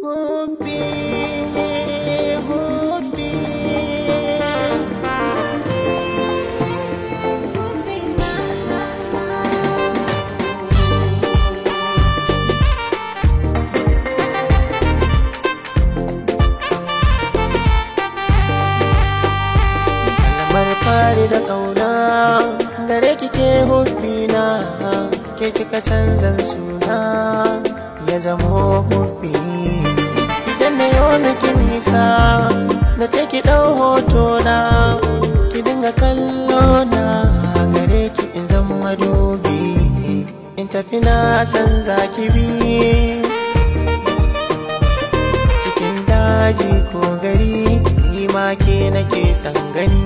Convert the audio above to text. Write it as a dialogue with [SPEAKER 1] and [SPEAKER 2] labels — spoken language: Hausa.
[SPEAKER 1] fari
[SPEAKER 2] da ƙauna suna
[SPEAKER 3] ya zamo hubbi miki nisa na ce ki ɗau hoto na ki dinga kallo na gare ki in zan madubi in tafi na san za bi cikin daji ko gari
[SPEAKER 4] ni ma ke nake san gani